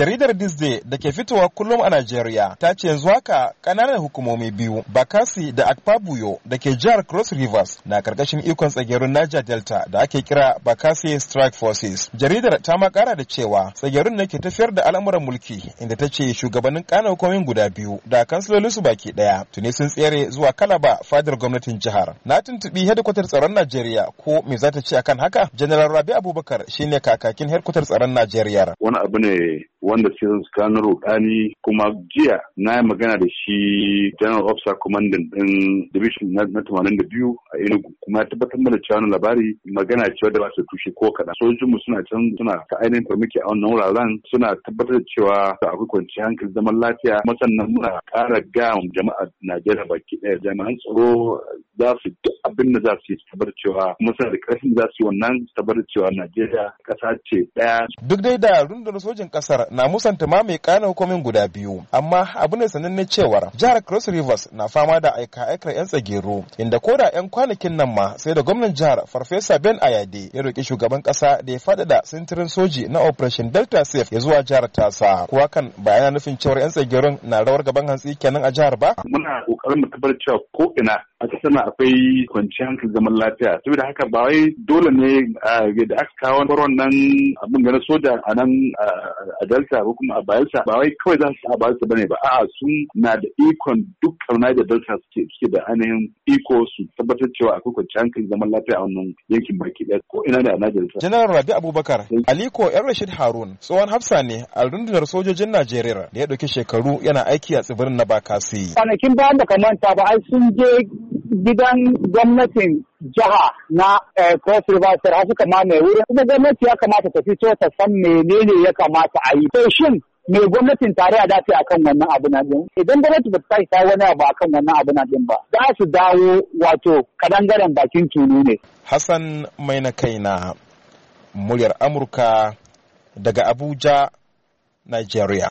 Jaridar Disney da ke fitowa kullum a Najeriya ta ce yanzu haka kananan hukumomi biyu Bakasi da Akpabuyo da ke jihar Cross Rivers na karkashin ikon tsagerun Niger Delta da ake kira Bakasi Strike Forces. Jaridar ta ma kara da cewa tsagerun ne ke tafiyar da al'amuran mulki inda ta ce shugabannin ƙananan hukumomin guda biyu da su baki ɗaya tuni sun tsere zuwa Kalaba fadar gwamnatin jihar. Na tuntubi hedikwatar tsaron Najeriya ko me za ta ce akan haka? General Rabi Abubakar shine kakakin hedikwatar tsaron Najeriya. Wani abu ne wanda suke suka na rudani kuma jiya na yi magana da shi general officer commanding din division na da biyu a enugu kuma ya tabbatar mana cewa labari magana ce wadda ba su tushe ko kaɗan mu suna can suna ta ainihin farmaki a wannan wuraren suna tabbatar da cewa akwai kwanciyar hankali zaman lafiya kuma sannan muna ƙara ga jama'a najeriya baki ɗaya jami'an tsaro za su duk abin da za su yi cewa musa da karfin za su yi wannan tabar tabbatar cewa Najeriya kasa ce daya Duk dai da rundunar sojin kasar na musanta ma mai kana hukumin guda biyu amma abu ne sananne cewar jihar Cross Rivers na fama da aika aikar 'yan tsagero inda ko da 'yan kwanakin nan ma sai da gwamnan jihar Farfesa Ben Ayade ya roƙi shugaban kasa da ya faɗaɗa sintirin soji na Operation Delta Safe ya zuwa jihar tasa kuwa kan ba yana nufin cewar 'yan tsageron na rawar gaban hantsi kenan a jihar ba. Muna kokarin mu tabbatar cewa ko ina a akwai kwanciyar hankali zaman lafiya saboda haka ba wai dole ne eh, da aka kawo kwaron nan abin gane soja a nan eh, a delta ko kuma a bayelsa ba wai kawai za su a bayelsa bane ba a'a sun na da ikon duk karna da delta suke da ainihin iko su tabbatar cewa akwai kwanciyar hankali zaman lafiya a wannan yankin baki ɗaya ko ina da delta. general rabi abubakar aliko yan rashid harun tsohon hafsa ne a rundunar sojojin najeriya da ya ɗauki shekaru yana aiki a tsibirin na bakasi. kwanakin bayan da kamanta ba ai sun je gidan gwamnatin jiha na eh, Cross River har kama mai wurin kuma gwamnati ya kamata ta fito ta san menene ya kamata a yi. To shin mai gwamnatin tarayya da ta akan wannan abu na din idan gwamnati ba ta yi wani abu akan wannan abu na din ba za su dawo wato kadangaren bakin tuni ne Hassan mai na kaina muryar Amurka daga Abuja Nigeria